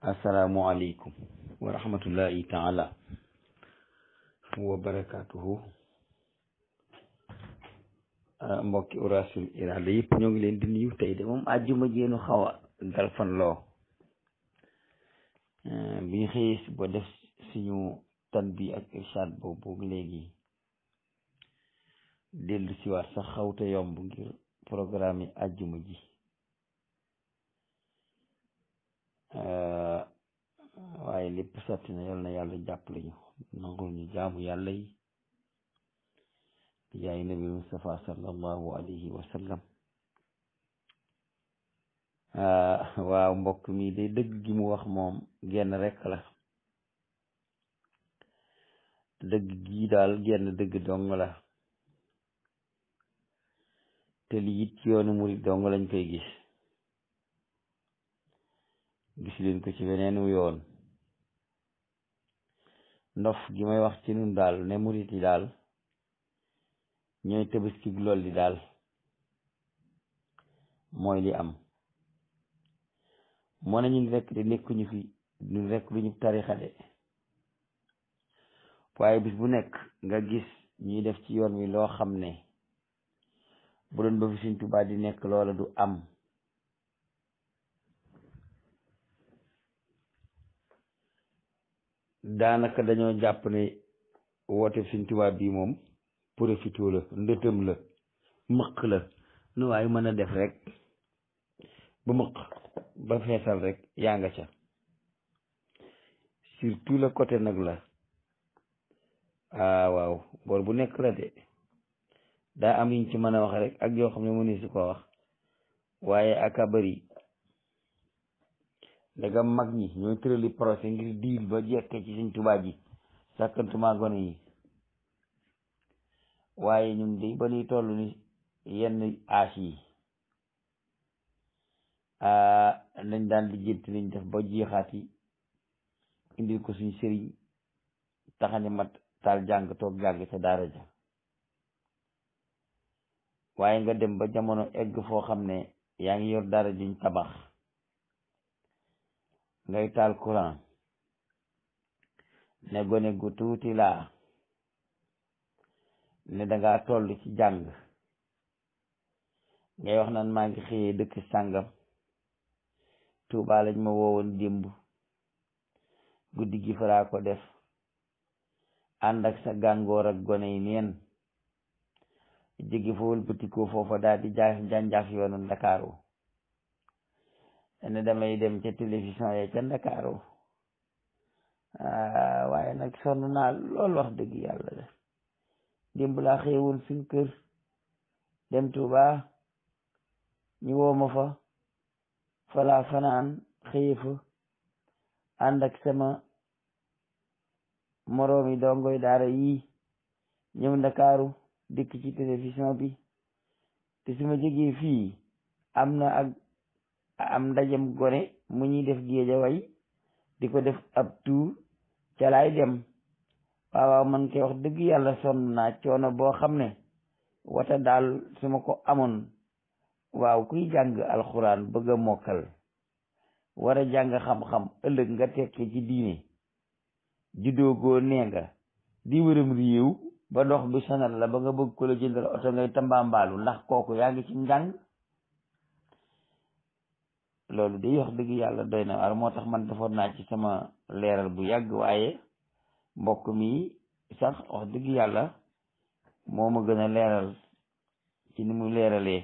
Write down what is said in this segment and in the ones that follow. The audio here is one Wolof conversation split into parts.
asalaamualeykum wa rahmatullahi taala wa ah, mbokki Urasul Irada yëpp ñoo ngi leen di nuyu tey de moom àjjuma jéenu xaw a galfan loo ah, bi ñu xëyee si ba def suñu tan bi ak irshad boobu léegi dellu siwaat sax xawta yomb ngir programme yi ji waaye li sotti na yal na yàlla jàppale ñu nangul ñu jaamu yàlla yi yaay nabi Mustafa sallallahu alayhi wa sallam waaw mbokk mi day dëgg gi mu moom genn rekk la dëgg gii daal genn dëgg dong la te lii it yoonu murit dong lañ koy gis gis leen ko ci weneen yoon ndof gi may wax ci nun daal ne murit yi daal ñooy tabaski lool di daal mooy li am moo ne ñun rekk de nekkuñu fi ñun rekk lu ñu tarixa de waaye bis bu nekk nga gis ñuy def ci yoon wi loo xam ne bu doon ba fi Sëñ Tuubaa di nekk loola du am daanaka dañoo jàpp ne woote Sëñ Tuubaa bii moom profito la ndëtëm la mëq la nu waaye mën a def rek ba mëq ba feesal rek yaa nga ca surtout la côté nag la ah waaw boor bu nekk la de daa am yuñ ci mën a wax rek ak yoo xam ne mënu si ko wax waaye aka bari ndegam mag ñi ñooy tërali projet ngir diil ba jekkee ci suñ tubaa ji sàkkantuma gone yi waaye ñun de ba nuy toll ni yenn aas yi ah, nañ daan lijjanti nañ def ba jeexaat indi ko suñ sëriñ taxani mat taal jàng toog jàng ca daara ja waaye nga dem ba jamono egg foo xam ne yaa ngi yor daara juñ tabax ngay taal courant ne gone gu tuuti laa danga toll ci jàng ngay wax naan maa ngi xëyee dëkk sàngam Tuubaa lañ ma woowoon démb guddi gi faraa ko def ànd ak sa gàngoor ak gone yi neen jéggi fa wëlbatikoo foofa daal di jaay janjaaf yoonu Ndakaaru ne damay dem ca télévision ya ca Ndakaaru ah, waaye nag sonn naa lool wax dëgg yàlla de démb laa xëyewoon kër dem Tuuba ñu woo ma fa falaa fanaan xëye fa ànd ak sama moroomi dongoy daara yi ñëw ndakaaru dikk ci télévision bi te su ma fii am na ak am ndajem gone mu ñuy def géejaway di ko def ab tuur ca laay dem waawaaw man koy wax dëgg yàlla sonn naa coono boo xam ne wata daal su ma ko amoon waaw kuy jàng alxuraan bëgg a mokkal war a jàng xam-xam ëllëg nga tekki ci diine judoogoo nee nga di wërëm réew ba dox bi sonal la ba nga bëgg ko la jëndal oto ngay tambaambaalu ndax kooku yaa ngi ci njàng loolu di wax dëgg yàlla doy na waar moo tax man defoon naa ci sama leeral bu yàgg waaye mbokk mi sax wax dëgg yàlla moo ma gën a leeral ci ni mu leeralee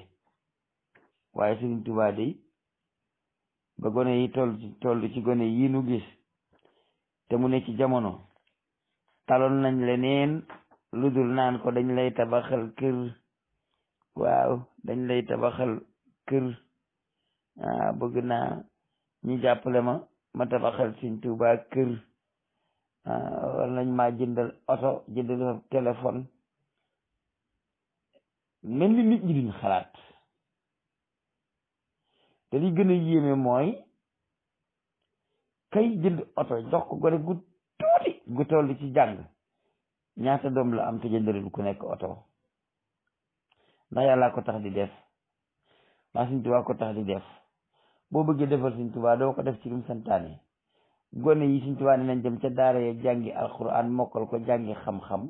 waaye Sëriñ Tuubaa de ba gone yi toll ci toll ci gone yi nu gis te mu ne ci jamono taloon nañ leneen lu dul naan ko dañ lay tabaxal kër waaw dañ lay tabaxal kër Ah, bëgg na ñu jàppale ma ma tabaxal Sëñ Tuubaa kër ah, war nañ maa jëndal oto jëndal ma téléphone mel ni nit ñi duñ xalaat te li gën a yéeme mooy kay jënd oto jox ko gone gu tuuti gu toll ci jàng ñaata doom la am te jëndalul ku nekk oto ndax yàllaa ko tax di def maa Sëñ Tuubaa ko tax di def boo bëggee defal Sëñ Tuubaa doo ko def ci lu mu santaane gone yi Sëñ Tuubaa nañ dem ca daara ya jàngi alxuraan mokkal ko jàngi xam-xam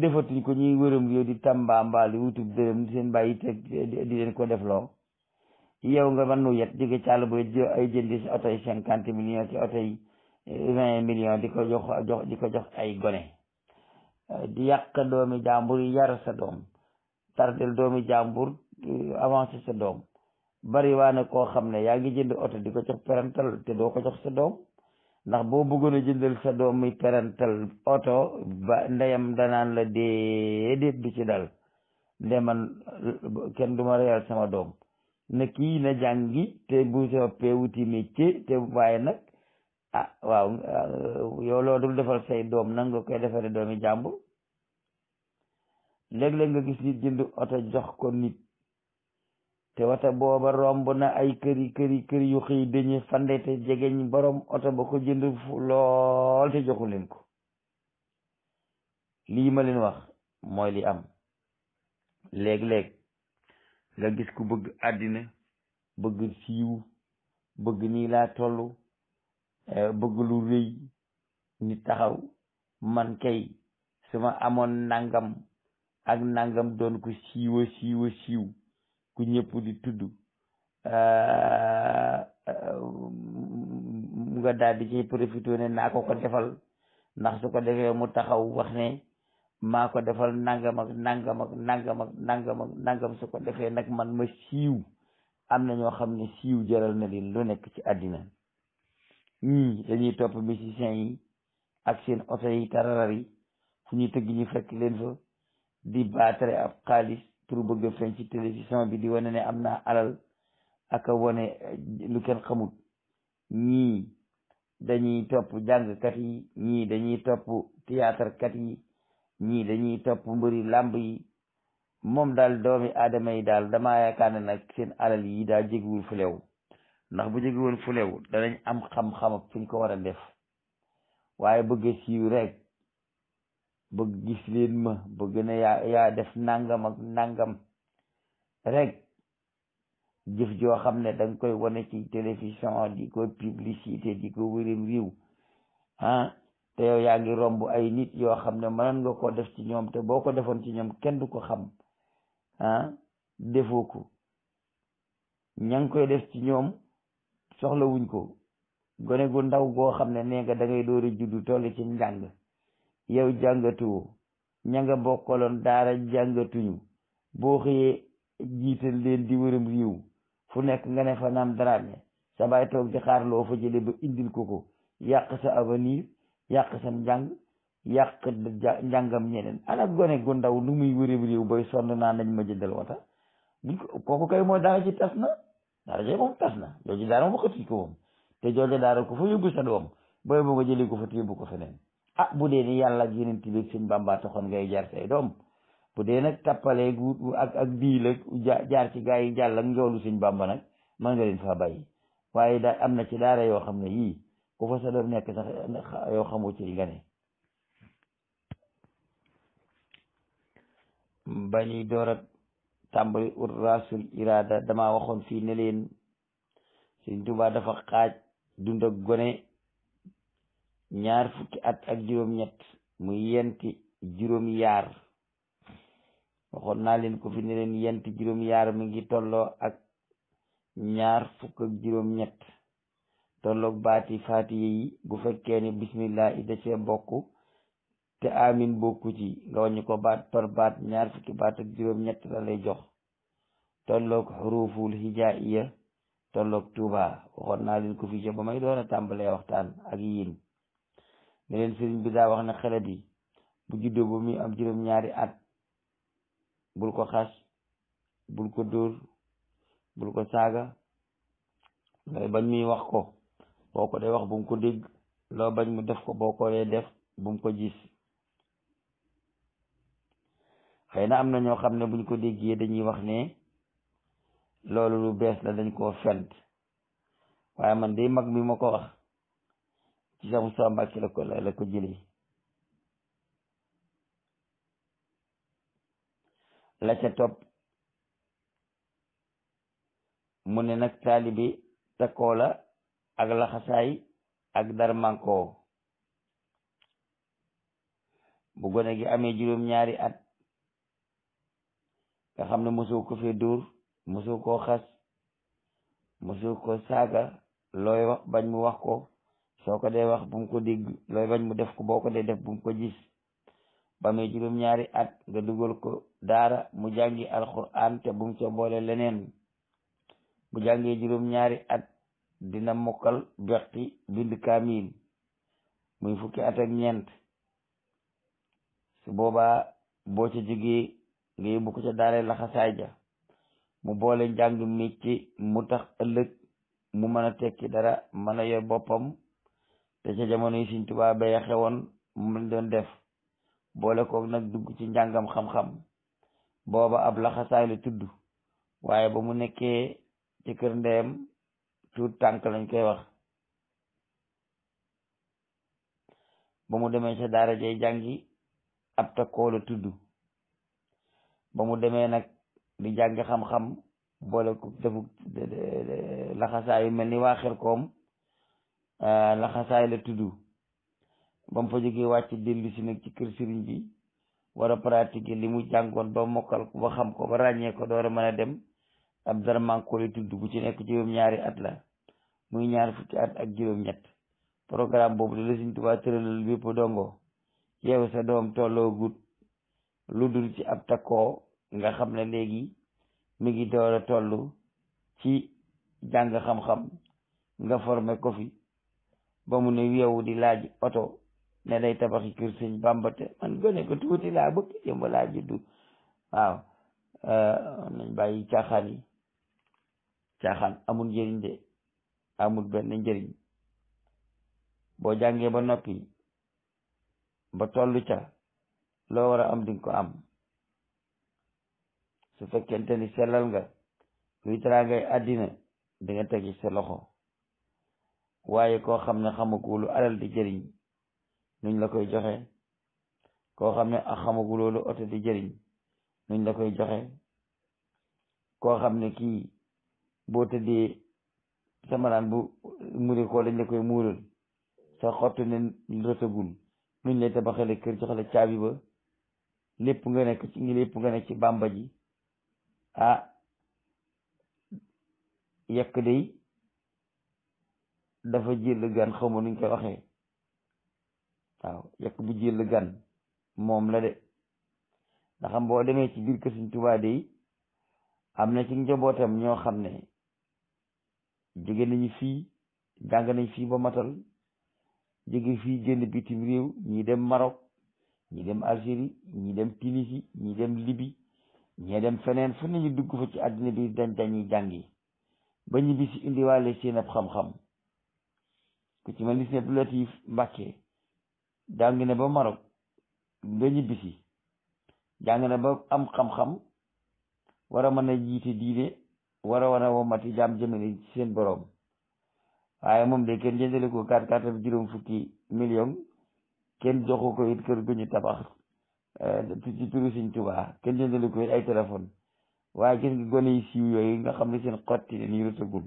defatuñ ko ñuy wërëm yow di tàmbaa mbaal yi wutub dërëm di seen bàyyi te di leen ko defloo yow nga mën nu yet jóge càll bo ay jëndi si oto cinquante millions ci oto yi eh, vingt millions di ko jox di ko jox ay gone di yàq doomi jàmbur yi yar sa doom tardel doomi jàmbur eh, avancé sa doom bari waa ne koo xam ne yaa ngi jënd oto di ko jox parental te doo ko jox sa doom ndax boo bëggoon a jëndal sa doom muy parental oto ba ndeyam danaan la déedéet du ci dal nde man kenn du ma reyal sama doom ne kii na jàngi te bu soppee wuti métier te waaye nag ah waaw yow loo dul defal say doom nan koy defare doomi jàmbur léeg-léeg nga gis nit jënd oto jox ko nit te wata booba romb na ay këri këri këri yu xëy dañuy fande te jegeñ borom oto ba ko jënd lool te joxu leen ko lii ma leen wax mooy li am léeg-léeg nga gis ku bëgg àddina bëgg siiw bëgg nii laa tollu eh, bëgg lu rëy ni taxaw man kay su ma amoon nangam ak nangam doon ko siiwa siiwa siiw ku ñëpp di tudd euh, euh, nga daal di ci profité ne naa ko ko defal ndax su ko defee mu taxaw wax ne maa ko defal nangam ak nangam ak nangam ak ko defee nag man ma siiw am na ñoo xam ne siiw jaral na leen lu nekk ci àddina ñii dañuy topp musiciens yi ak seen oto yi tararar yi fu ñuy tëgg ñu fekk leen fa di baatare ab xaalis pour bëgg a feeñ télévision bi di wane ne am naa alal ak a wane eh, lu kenn xamut ñii dañuy topp jàngkat yi ñii dañuy topp théâtre kat yi ñii dañuy topp mbëri làmb yi moom daal doomi aadama yi daal dama yaakaar ne nag seen alal yi daa jéggiwul fulew ndax bu jéggiwul fulew danañ am xam-xam fuñ ko war a def waaye siiw rek bëgg gis leen ma bëgg na yaa yaa def nangam ak nangam rek jëf joo xam ne da koy wane ci télévision di ko publicité di ko wërim riiw ah te yow yaa ngi romb ay nit yoo xam ne mënoon nga ko def ci ñoom te boo ko defoon ci ñoom kenn du ko xam ah defoo ko ña ngi koy def ci ñoom soxlawuñ ko gone gu ndaw goo xam ne nee nga da ngay door a juddu toll ci njàng yow jàngatuwoo ña nga bokkaloon daara jàngatuñu boo xëyee jiital leen di wërëm réew fu nekk nga ne fa naam daraame sa baay toog di xaar loo fa jële ba indil ko ko yàq sa avenir yàq sa njàng yàq njàngam ñeneen ana gone gu ndaw nu muy wërëm réew bay sonn naa nañ ma jëndal wata buñ ko kay mooy daara ci tas na daara ji moom tas jooju daara moom xëtiñ ko moom te jooju daara ko fa yóbbu sa doom booy boo nga jëlee ko fa te yóbbu ko feneen ah bu dee ni yàlla ak yeneen bi suñ bàmbaa taxoon ngay jar say doom bu dee nag tappaleeg ak ak bii ci gaa jàll njoolu suñ bàmba nag mën nga leen faa waaye daal am na ci daara yoo xam ne yii ku fa sa doom nekk sax yoo xamoo ci nga ne ba ñuy door rasul iraada damaa waxoon fii ne leen suñ tubaa dafa xaaj dund gone ñaar fukki at ak juróom-ñett muy yenti juróom-yaar waxoon naa leen ko fi ne leen yenti juróom-yaar mi ngi tolloo ak ñaar fukk ak juróom-ñett tolloog baati faatiye yi bu fekkee ne bismillah i da bokk te amin bokku ci nga wàññi ko baat par baat ñaar fukki baat ak juróom-ñett la lay jox tolloog xuruful hijaiya tolloog tuuba waxoon naa leen ko fi ca ba may doon a tàmbalee waxtaan ak yiin ne leen sëriñ bi daa wax na xelet bi bu juddoo ba muy am juróom-ñaari at bul ko xas bul ko dóor bul ko saaga ngay bañ muy wax ko boo ko dee wax bu mu ko dégg loo bañ mu def ko boo ko dee def bu mu ko gis xëy na am na ñoo xam ne buñ ko déggee dañuy wax ne loolu lu bees la dañ koo fent waaye man day mag mi ma ko wax ci Cheikh Moussa Mbacke la ko la ko jëlee la topp mu ne nag taalibi takkoo la ak laxasaay ak darmankoo bu gone gi amee juróom ñaari at nga xam ne mosu ko fee dóor mosu koo xas mosu ko saaga looy wax mu wax ko soo ko dee wax bu ko digg looy bañ mu def ko boo ko dee def bu ko gis ba muy juróom-ñaari at nga dugal ko daara mu jàngi alquran te bu mu ca boole leneen bu jàngee juróom-ñaari at dina mokkal bexti bind kaamil muy fukki at ñeent su boobaa boo ca jógee nga yóbbu ko ca daara laxasaay ja mu boole njàng métier mu tax lëg mu mën a tekki dara mën a yor boppam te ca jamono yi Sëriñ Tuubaa bay xewoon moom lañ doon def boole koog nag dugg ci njàngam xam-xam booba ab laxasaay la tudd waaye ba mu nekkee ci kër ndeyam tuut tànk lañ koy wax ba mu demee ca daara jey jàngi ab takkoo la tudd ba mu demee nag di jàngi xam-xam boole ko defu laxasaay yu mel ni waa koom Euh, la xasaay la tudd ba mu fa jógee wàcc dellu si nag ci kër sëriñ bi war a pratiquer li mu jàngoon ba mokkal ko ba xam ko ba ràññee ko door a mën a dem ab darmanko li tudd bu ci nekk juróom-ñaari at la muy ñaar fukki at ak juróom-ñett programme boobu li la Sëriñ Tuubaa tëralal bépp dongo yow sa doom tolloo gut lu dul ci ab takkoo nga xam ne léegi mi ngi door a toll ci jàng xam-xam nga formé ko ba mu ne weewu di laaj oto ne day tabaxi kër sëñ te man gone ko tuuti laa bëgg jëmb laa juddu waaw euh, nañ bàyyi caaxaan yi caaxaan amul njëriñ de amul benn njëriñ boo jàngee ba noppi ba tollu ca loo war a am dinga ko am su fekkente ni sellal nga luy tara ngay àddina di nga tegi sa loxo waaye koo xam ne xamagulu alal di jëriñ nuñ la koy joxe koo xam ne ak xamaguloolu oté di jëriñ nuñ la koy joxe koo xam ne kii boo tëddee samalaan bu muri ko dañ la koy muural sa xottu ne rëtagul nuñ lay tabaxale kër joxale caabi ba lépp nga nekk ci ngi lépp nga ci bàmba ji ah day dafa jël gan xamu nuñ koy waxee waaw yàq bu jël gan moom la de ndax boo demee ci biir kër Sëriñ am na ci njabootam ñoo xam ne jóge nañu fii jàng nañ fii ba matal jóge fii génn bitim réew ñi dem Maroc ñi dem Algérie ñi dem Tunisie ñi dem Libye ñi dem feneen fu nañu dugg fa ci àddina bi dañ dañuy jàngi ba ñibbisi indiwaale seen ab xam-xam ku ci mel ni Sëñ Abdou Latif Mbàkke jàng na ba Maroc ba ñibbisi jàng na ba am xam-xam war a a jiite diine war a war a womati jaam jëmale ci seen boroom waaye moom de kenn jëndale ko kaat kaatam juróom fukki million kenn joxu ko it kër gu tabax eh, ci turu Sëñ Tuubaa kenn jëndale ay téléphone waaye gis nga gone yi siiw yooyu nga xam ne seen xotti leen yu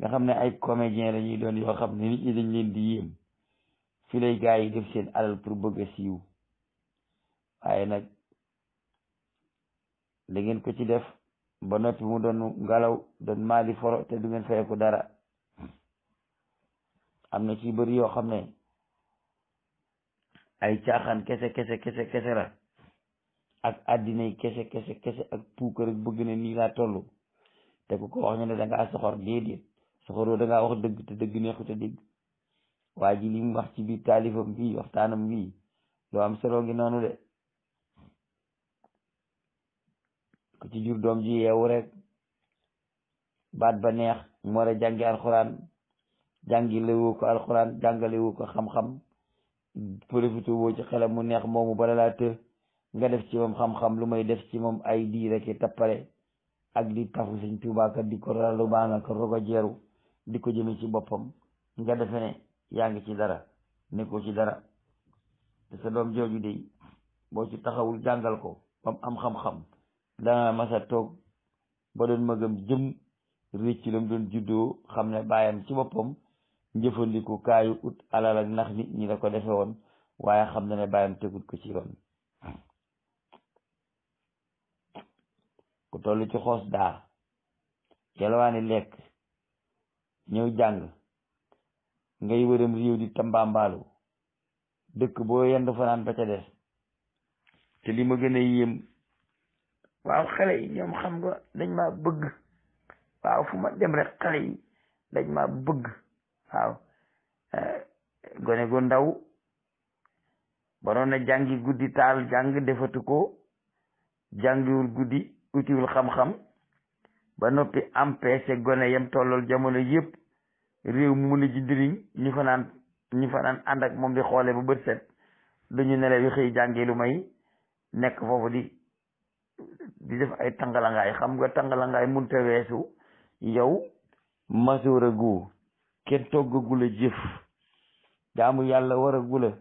nga xam ne ay comédien la ñuy doon yoo xam ne nit ñi dañ leen di yéem fi lay gaa yi def seen alal pour bëgg a siiw waaye nag da ngeen ko ci def ba noppi mu doon ngalaw doon maali foro te du ngeen fay ko dara am na ci bëri yoo xam ne ay caaxaan kese kese kese kese la ak addinay kese kese kese ak puukar bëgg ne nii laa te ku ko wax ñu ne soxor déedéet soxoroo da ngaa wax dëgg te dëgg neexut a dégg waa ji wax ci biir taalifam bii waxtaanam bii lu am solo ngi noonu de ku ci jur doom ji yeewu rek baat ba neex mu war a jàngi alxuraan jàngi lewu ko alxuraan jàngalewu ko xam-xam profité woo ci xelam mu neex moomu bala laa nga def ci moom xam-xam lu may def ci moom ay di rek tappale ak di tafu sëñ Tuubaa ka di ko ralu baa nga ko rogo jeeru di ko jëme ci boppam nga defe ne yaa ci dara nekkoo ci dara te sa doom jooju de boo ci taxawul jàngal ko bam am xam-xam dana masa toog ba doon magam jëm récc lam doon juddoo xam ne baayam ci boppam njëfandiku kaayu ut alal ak nax nit ñi la ko defe woon waaye xam na ne baayam tegut ko ci yoon ku toll ci xoos daa yalwaani lekk ñëw jàng ngay wërëm réew di tambaambaalu dëkk boo yendu fanaan ba ca des te li ma gën a yéem waaw xam nga dañ ma bëgg waaw fu ma dem rek xale yi dañ ma bëgg waaw eh, gone ndaw waroon na jàngi guddi taal jàng defatu ko jàngiwul guddi xam-xam ba noppi empêché gone yam tollol jamono yépp réew mi mu ne ci diriñ ñu fa ñu fa ànd ak moom di xoolee ba bët set dañu nelew yi xëy jàngee lu may nekk foofu di di def ay tàngalangaay xam nga tàngalangaay munte weesu yow masoor a gu kenn togg gula jëf jaamu yàlla war a gula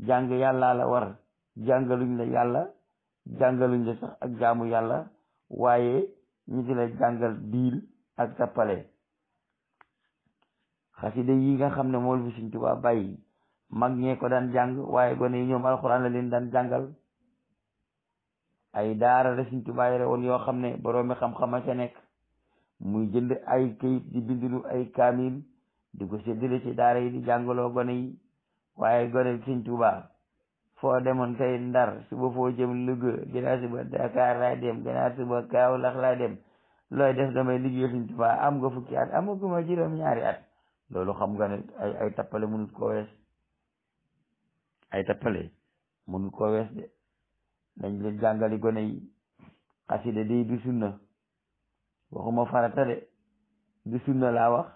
jàng yàllaa la war jàngaluñ la yàlla jàngaluñ la sax ak jaamu yàlla waaye ñu di diil ak tappale xasida yi nga xam ne mool la fi Sëriñ Tuubaa mag ñee ko daan jàng waaye gone yi ñoom alxuraan la leen daan jàngal ay daara la Sëriñ Tuubaa yore woon yoo xam ne boroomi xam-xam a ca nekk muy jënd ay kayit di bindilu ay kaamil di ko séddale ci daara yi di jàngaloo gone yi waaye gone Sëriñ Tuubaa demoon tey Ndar suba foo jëm Louga ginnaaw suba Dakar laay dem ginnaaw suba Kaolack laay dem looy def damay liggéey Sëriñ Tuubaa am nga fukki at amaguma juróom ñaari at loolu xam nga ne ay tappale mënut koo wees ay tappale mënut koo wees de nañ leen jàngali gone yi xasida day du sunna waxuma farata de du sunna laa wax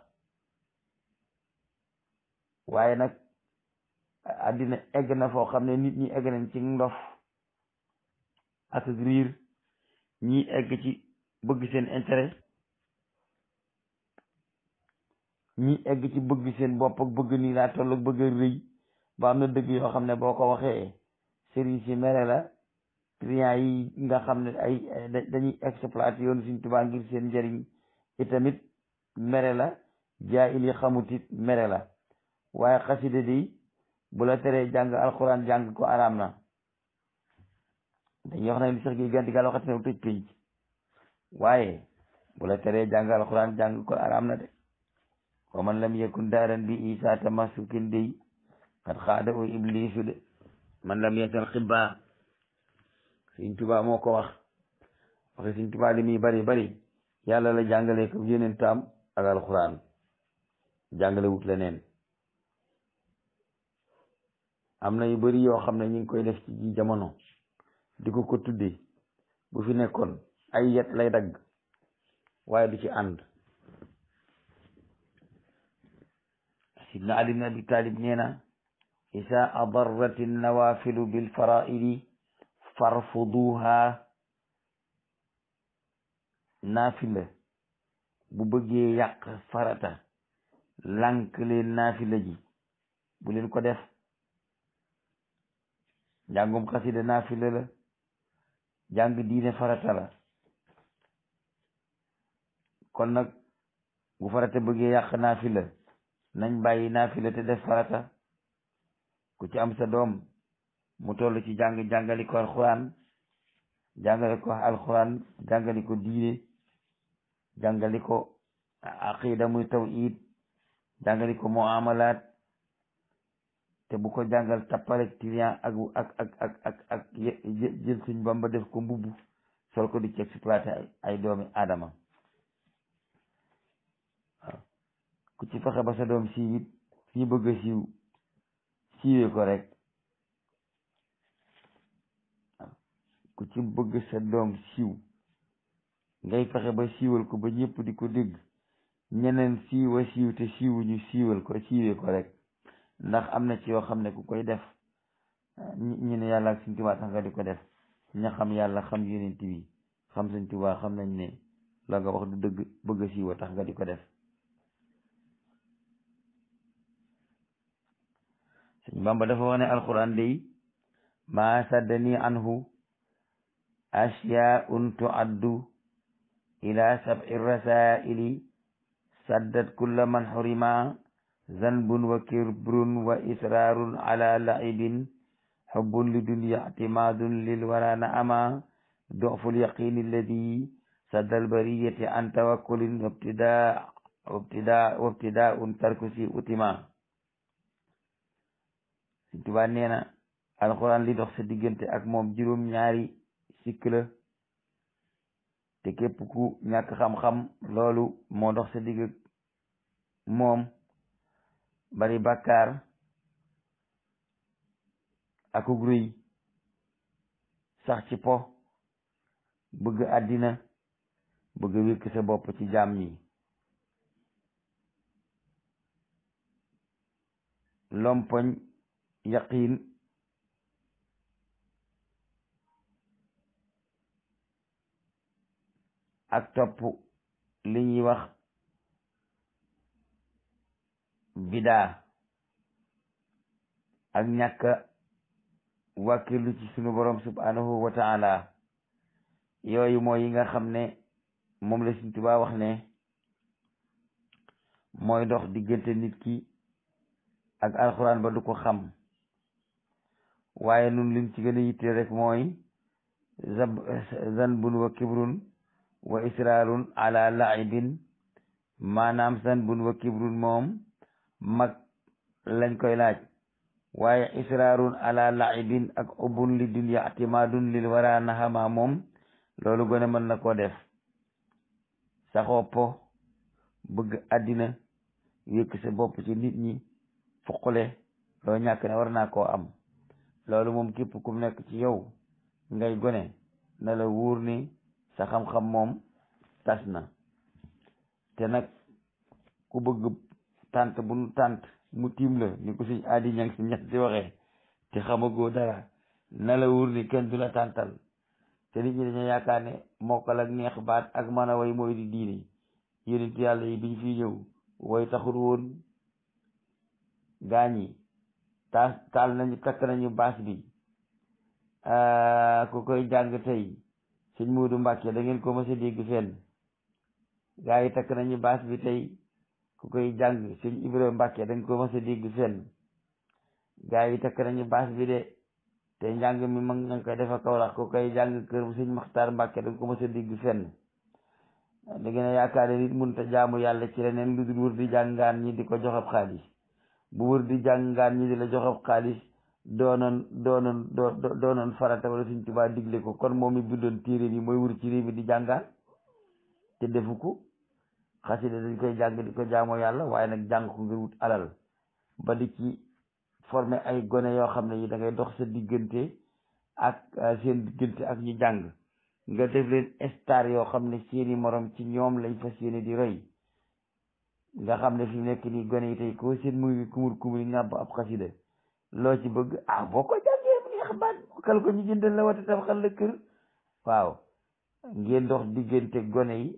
waaye nag àddina egg na foo xam ne nit ñi egg nañ ci ndof ak riir ñi egg ci bëgg seen intérêt ñi egg ci bëgg seen bopp bëgg nii laa toll bëgg rëy ba am na dëgg yoo xam ne boo ko waxee sëriñ si mere la client yi nga xam ne ay dañuy exploité yoonu si tubaa ngir seen njëriñ itamit mere la jaahil yi xamut it mere la waaye xasida di bu la teree jàng alxuraan jàng ko araam na dañuy wax ne li sax gi ganti gaal waxati ne tëj pénc waaye bu la teree jàng alxuraan jàng ko araam na de wa man lam yakun daaran bi isa tamasukin dey xat xaada o iblisu de man lam yasal xibba Sëñ Tuubaa moo ko wax waxe Sëñ Tuubaa mi bari bari yàlla la jàngale ko yeneen taam ak alxuraan jàngale wut leneen am na yu bari yoo xam ne ñu ngi koy def ci ji jamono di ko ko tudde bu fi nekkoon ay yet lay dagg waaye du ci ànd sidna ali ibn abi talib nee na isa adarrat nawafilu bilfaraidi farfuduha naafila bu bëggee yàq farata lànk leen naafila ji bu leen ko def njàngum xasida naafila la jàng diine farata la kon nag bu farata bëggee yàq naafila nañ bàyyi naafila te def ku ci am sa doom mu toll ci jàng jàngali ko alxuraan jàngale ko alxuraan jàngali ko diine jàngali ko aqida muy tawhid te bu ko jàngal tappale ak ak ak ak ak ak jël suñ bamba def ko mbubb sol ko di ci exploité ay doomi aadama ku ci fexe ba sa doom siiw it fi bëgg a siiw siiwee ko rek ku ci bëgg sa doom siiw ngay fexe ba siiwal ko ba ñëpp di ko dégg ñeneen siiwa siiw te siiwu ñu siiwal ko siiwee ko rek ndax am na ci yoo xam ne ku koy def ñi ne yàlla ak suñ tubaa tax nga di ko def ñaxam yàlla xam yonent bi xam suñ tubaa xam nañ ne la nga wax du dëgg bëgg siiwa tax nga di ko def suñ bamba dafa wax ne alquran day ma saddani anhu ashyaun tuaddu ila sab'i rasaili saddat kulla man xurima zanbun wa kibrun wa israarun ala laibin xubbun li dunya itimaadun lil wara naama doful yaqin alladi saddal bariyati an tawakkulin wabtidaa wabtidaa wabtidaa un tarkusi utima Sëñ Tuubaa na alxuraan li dox sa diggante ak moom juróom ñaari sikk la te képp ku ñàkk xam-xam loolu moo dox sa digg moom bari bàkkaar akug rëy sax ci po bëgg àddina bëgg wékk sa bopp ci jaam yi lompoñ yaqiin ak topp li ñuy wax bidaa ak ñàkk wàkkilu ci sunu borom subhanahu wa taala yooyu nga xam ne moom la Sëriñ Tuubaa wax ne mooy dox diggante nit ki ak alxuraan ba du ko xam waaye nun liñ ci gën rek mooy zab zanbun wa kibrun wa israarun ala laibin maanaam zanbun wa kibrun moom mag lañ koy laaj waaye israarun ala laibin ak ubun li dunya atimadun lil wara naxama moom loolu gone mën na koo def saxoo po bëgg àddina yëkk sa nit ñi fuqule loo ñàkk ne war naa koo am loolu moom képp ku nekk ci yow ngay gone na la ni sa xam-xam moom tas na te nag ku bëgg tànt bu nu tànt mu tiim la ni ko suñ aadi ñang si ñett te xamagoo dara na wur wóor ni kenn du la tàntal te nit ñi dañoo yaakaar ne mokkal ak neex baat ak mën a way mooy di diine yonent yàlla yi biñ fi ñëw way taxul woon gaañ taas taal nañu takk nañu baas bi ah, ko koy jàng tey sëñ Muudu Mbàkke da ngeen ko mës a dégg fenn gaa yi takk nañu baas bi tey ku koy jàng sëñ Ibrahima Mbàkke ko mës a dégg gaa yi takk nañu baas bi de te jàng mi ma nga koy defa Kawlax ko koy jàng kër bu sëñ Maxtaar Mbàkke ko mës a dégg fenn da ngeen a yaakaar nit mënut jaamu yàlla ci leneen lu dul wër di jàngaan ñi di ko jox ab bu wër di jàngaan ñi di la joxob xaalis doonoon doonoon doonoon farata wala suñ tubaa digle ko kon moom mi bindoon téere bi mooy wër ci réew mi di jàngaan te defu ko xasida dañ koy jàng di ko yàlla waaye nag jàng ko ngir alal ba di ci formé ay gone yoo xam ne yi da ngay dox sa diggante ak euh, seen diggante ak ñu jàng nga def leen star yoo xam ne seeni morom ci ñoom lañ fas yéene di roy nga xam ne fi nekk nii gone yi tey koo seen muy kumur kumur ngàbb ab xasida loo ci bëgg ah boo ko jàngee mu neex baat kal ko ñu jëndal la wata tam xal la kër waaw ngeen dox diggante gone yi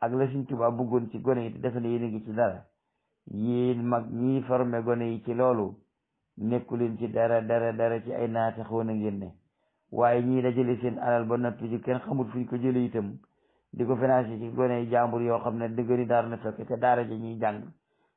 ak la Sëriñ Tuubaa buggoon ci gone yi te defe ne yéen ngi ci dara yéen mag ñii formé gone yi ci loolu nekkuleen ci dara dara dara ci ay naate xawoon a ngeen ne waaye ñii dajale seen alal ba noppi ci kenn xamul fuñ ko jële itam di ko financé ci gone jàmbur yoo xam ne dëggëri daar na tokki te daara ja ñuy jàng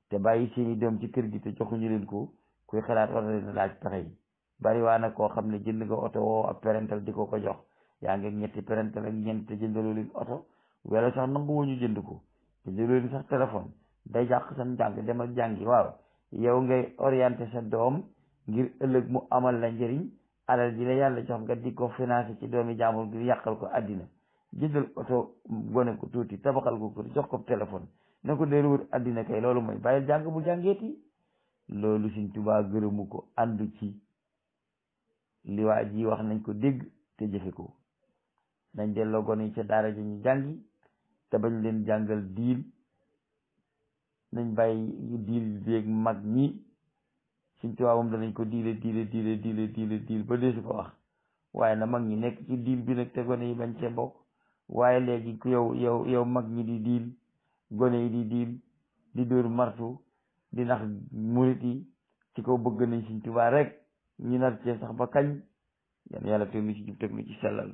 te bàyyi seeni doom ci kër gi te ñu leen ko kuy xalaat war na laaj pexe yi bari waa nag koo xam ne jënd nga oto woo ab parental di ko ko jox yaa ngi ñetti parental ak ñeent te jëndaloo leen oto wala sax nangu woo jënd ko jëndaloo leen sax téléphone day jàq sam njàng demal jàngi waaw yow ngay orienté sa doom ngir ëllëg mu amal la njëriñ alal ji la yàlla jox nga di ko financé ci doomi jàmbur ngir yàqal ko àddina jëndal oto gone ko tuuti tabaxal ko kër jox ko téléphone na ko deel wër àddina kay loolu mooy bàyyil jàng bu jàngeeti loolu Sëñ Tuubaa gërëmu ko àndu ci li waa wax nañ ko dégg te jëfe ko nañ delloo gone yi ca daara ji ñu jàngi te bañ leen jàngal diil nañ bàyyi diil beeg mag ñi Sëñ Tuubaa moom danañ ko diile diile diile diile ba dee su ko wax waaye na mag ñi nekk ci diil bi nag te gone yi bañ cee bokk waaye léegi yow yow yow mag ñi di diil gone yi di diil di dóor martu di nax murit yi ci kaw bëgg nañ Sëriñ Tuubaa rek ñu nar cee sax ba kañ yan yàlla teg ñu ci jub teg mi ci sellal